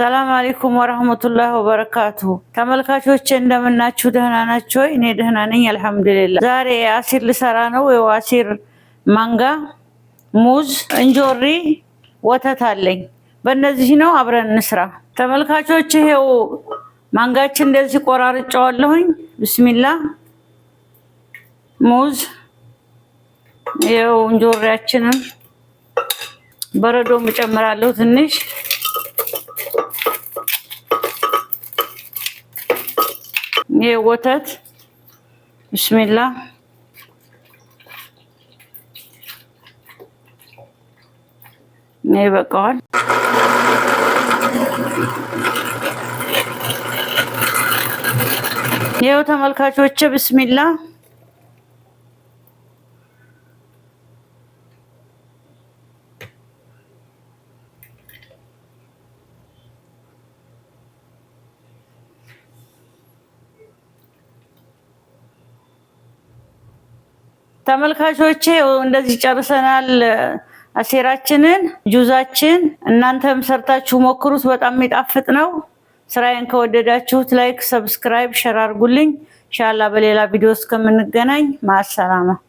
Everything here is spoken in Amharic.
ሰላም አሌይኩም ወረህመቱላህ ወበረካቱ። ተመልካቾች እንደምናችሁ ደህና ናቸው? እኔ ደህና ነኝ አልሐምዱሊላ። ዛሬ አሲር ልሰራ ነው። ይኸው አሲር ማንጋ፣ ሙዝ፣ እንጆሪ፣ ወተት አለኝ። በእነዚህ ነው አብረን እንስራ። ተመልካቾች ይሄው ማንጋችን እንደዚህ ቆራርጫዋለሁኝ። ብስሚላ ሙዝ፣ ይኸው እንጆሪያችንም በረዶም እጨምራለሁ ትንሽ ይሄ ወተት ብስሚላ ይበቃዋል። ይኸው ተመልካቾቼ ብስሚላ ተመልካቾቼ እንደዚህ ጨርሰናል አሴራችንን፣ ጁዛችን። እናንተም ሰርታችሁ ሞክሩት፣ በጣም የሚጣፍጥ ነው። ስራዬን ከወደዳችሁት ላይክ፣ ሰብስክራይብ፣ ሸር አድርጉልኝ። ኢንሻላህ በሌላ ቪዲዮ እስከምንገናኝ ማሰላማ